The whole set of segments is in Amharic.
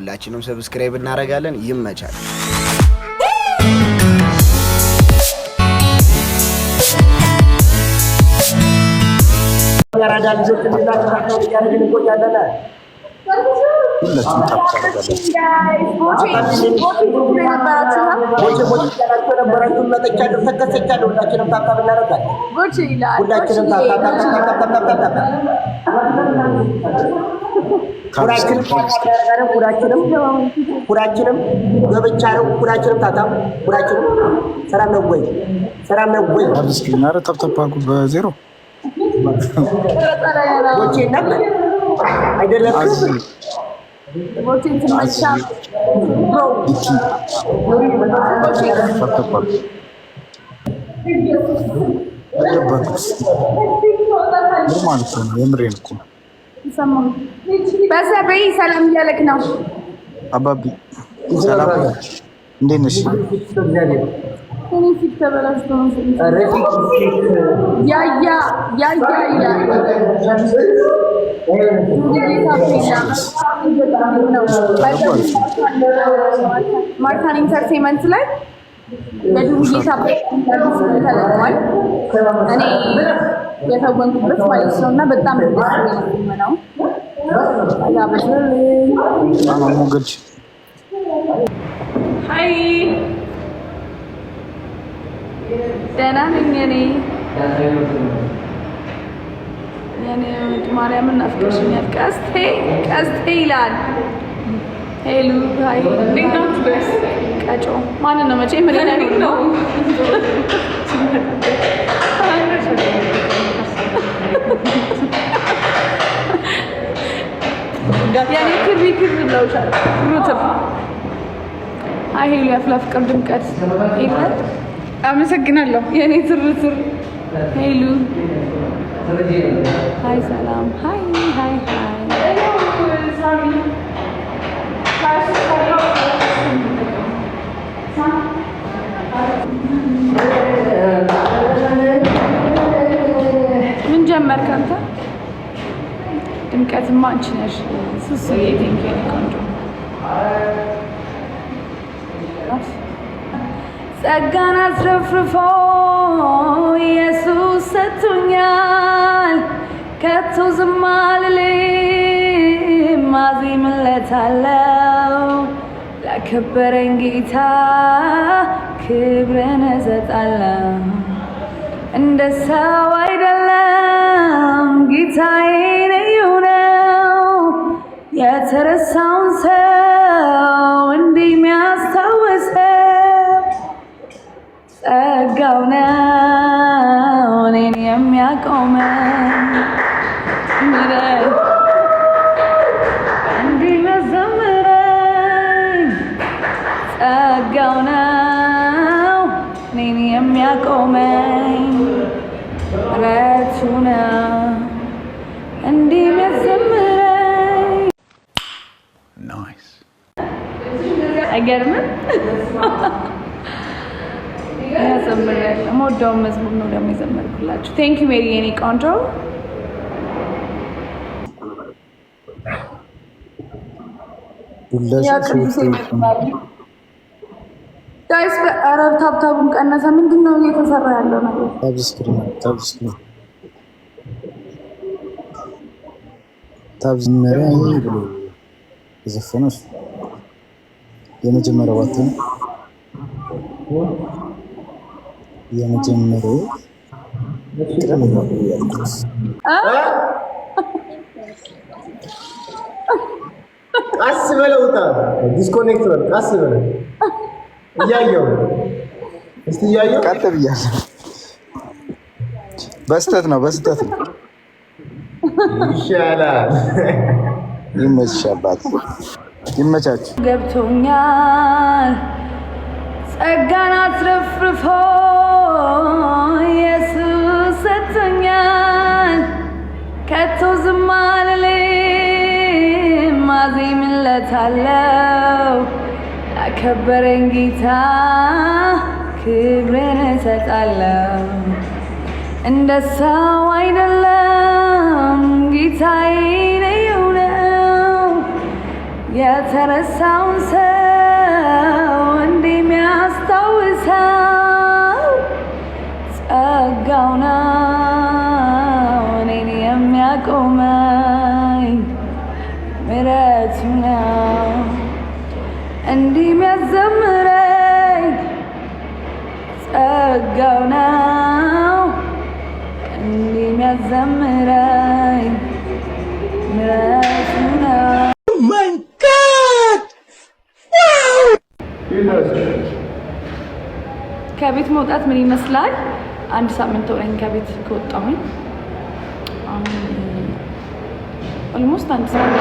ሁላችንም ሰብስክራይብ እናደርጋለን። ይመቻል። ልጆች ሁላችሁም ታፕ ታደርጋላችሁ። በብቻ ነው። ሁላችንም ታታ ሁላችንም ሰላም ነው ወይ? ሰላም ነው ወይ? በዜሮ አይደለም ማለት ነው። የምሬን እኮ በዛ ሰላም እያለክ ነው አባቢ ሰላም እንዴት ነሽ? ፊት ተበላሽቶ ያያ ማርታን ኢንተርቴንመንት ላይ የድቡጌታ ተለቋል። እኔ የተወንኩበት ማለት ነው እና በጣም ነው ሀይ ደህና ነኝ። እኔ የኔ ውድ ማርያምን ናፍቀሽኛል። ቀስቴ ቀስቴ ይላል። ሄሉ ሀይ እንዴት ናችሁ ጋይስ? ቀጮ ማንን ነው መቼ ምን ነው ያኔ ክሪ ክሪ ነው ሩትፍ አይ ሄሉ ያፍላ ፍቅር ድምቀት ይላል አመሰግናለሁ። የእኔ ትርትር ሄሉ ሀይ፣ ሰላም ሀይ፣ ሀይ፣ ሀይ ምን ጀመርክ አንተ? ድምቀትማ አንቺ ነሽ ሱስዬ። ቆንጆ ጸጋን አትረፍርፎ ኢየሱስ ሰጥቶኛል። ከቶ ዝም አልልም አዜምለታለሁ። ላከበረኝ ጌታ ክብርን እሰጣለሁ። እንደ ሰው አይደለም ጌታዬ ልዩ ነው። የተረሳውን ሰው እንዲህ የሚያስታውሰው ጸጋው ነው እኔን የሚያቆመን እንዲህ መዘምረኝ ጸጋው ነው እኔን የሚያቆመኝ ረቱ ነው እንዲህ መዘምረኝ አይገርምም? ያዘምር ያለው መዝሙር ነው ደግሞ የዘመርኩላችሁ። ቴንክ ዩ ሜሪ የኔ ቆንጆ። ጋይስ በአረብ ታብታቡን ቀነሰ። ምንድን ነው እየተሰራ ያለው ነገር? ታብ መሪያ ብሎ የዘፈነው የመጀመሪያ ዋት ነው የመጀመሪያ ቀስ በለው ዲስኮኔክት ቀስ በለው ቀጥ ብያለሁ። በስተት ነው በስተት ነው። ይሻላል። ይመችሻባት፣ ይመቻችሁ። ገብቶኛል ጸጋን አትረፍርፈው እሰጣለሁ ያከበረኝ ጌታ ክብርን እሰጣለሁ። እንደ ሰው አይደለም ጌታዬ ነው የተረሳውን ሰው ላለው ነው እንዲህ የሚያዘምረኝ ከቤት መውጣት ምን ይመስላል? አንድ ሳምንት ሆነኝ ከቤት ከወጣሁኝ። ኦልሞስት አንድ ሳምንት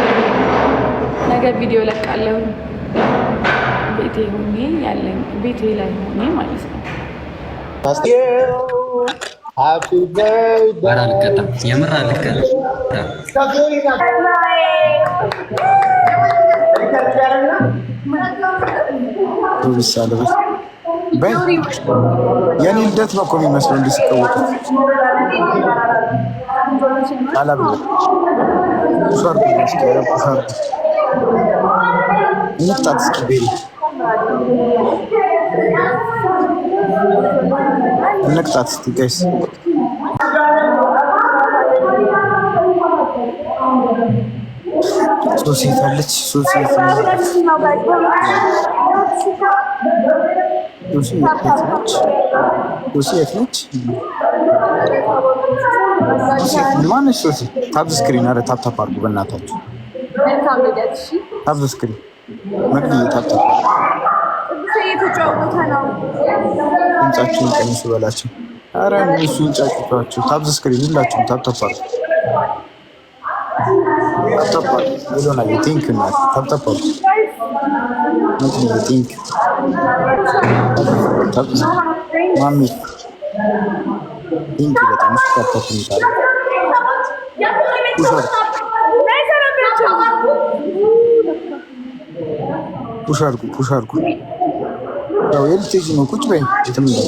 ነገ ቪዲዮ ለቃለሁ። ቤቴ ሆኜ ያለኝ ቤቴ ላይ ሆኜ ማለት ነው። የምር አልቀጣም። የኔ ልደት ነው እኮ የሚመስለው እንዲህ ሲቀወጡ አላብለም እንቅጣት እስቲ ጋይስ ሶስት ሄዳለች። ሶስት የት ነች? ማነች? ሶስት ታብ ስክሪን። ኧረ ታፕ ታፕ አድርጉ በእናታችሁ ታብ ስክሪን መግቢያ ታፕ ታፕ እየተጫወተ ነው። ድምጻችሁን ቀንሱ በላቸው። አረ እነሱ ጫጭቷቸው ታብ ስክሪን ሁላችሁም ታብ ተፋል ታብታባል ሆና የቲንክ ና ታብታባል ምንድን የቲንክ ማሚ ቲንክ በጣም ስታታት ሚታለ ፑሽ አድርጉ ፑሽ አድርጉ ያው የልጅ ነው። ቁጭ በይ የትም እንዳትሄጂ።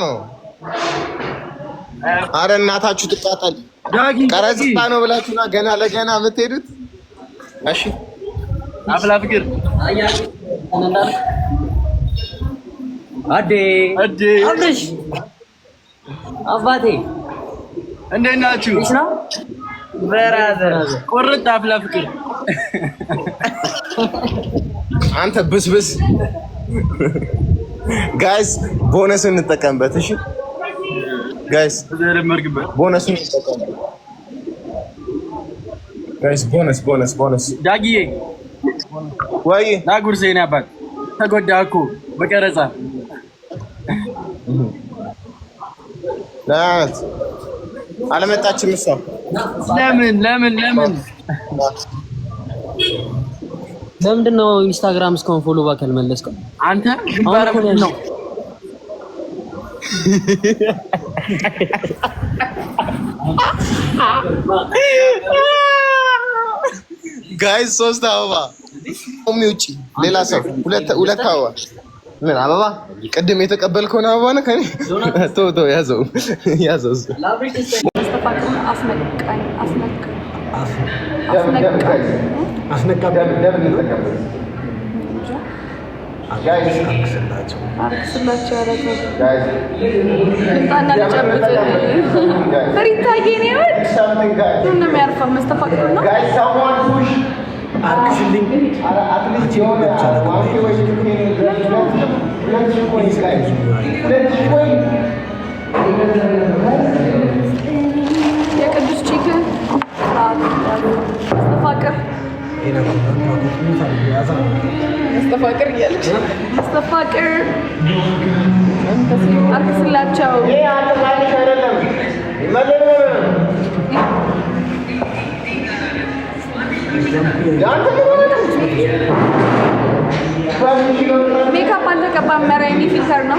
ነው? አረ እናታችሁ ትቃጠል። ቀረጽታ ነው ብላችሁና ገና ለገና የምትሄዱት። እሺ አፍላ ፍቅር አዴ አዴ አባቴ እንዴት ናችሁ? እሺ ነው ብራዘር ቁርጥ አፍላ ፍቅር አንተ ብስብስ ጋይስ ቦነስ እንጠቀምበት። እሺ ጋይስ ቦነስ እንጠቀምበት። ጋይስ ቦነስ ቦነስ ቦነስ ዳጊዬ ወይ ዳጉር ዜና አባት ተጎዳ እኮ በቀረጻ ናት። አለመጣችም እሷ። ለምን ለምን ለምን ለምንድን ነው ኢንስታግራም እስካሁን ፎሎ ባክ ያልመለስከው አንተ? ነው ጋይስ ሶስት አበባ ውጭ ሌላ ሰው ሁለት አበባ ምን አበባ ቅድም የተቀበልከውን አበባ ነው ከኔ ቶ ቶ ያዘው ያዘው። አስነቃ አርግዝልኝ የቅዱስ ቺክን መስተፋቅር መስተፋቅር ሜካፕ አልተቀባም። መራ የኔ ፊልተር ነው።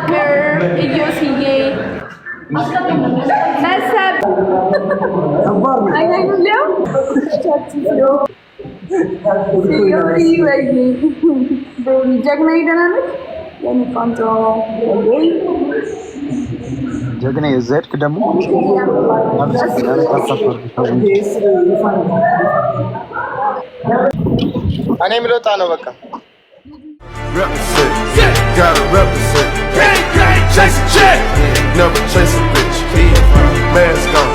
Ben sen. Var mı? Aynen biliyorum. Yok. Yok iyi belki. Jagna'yı denemek. Yani Fanta. Jagna yazar ki demo. అనే మీరు తాను ఒక Represent, gotta represent, gang gang, chase shit. Never chase a bitch. Mask on.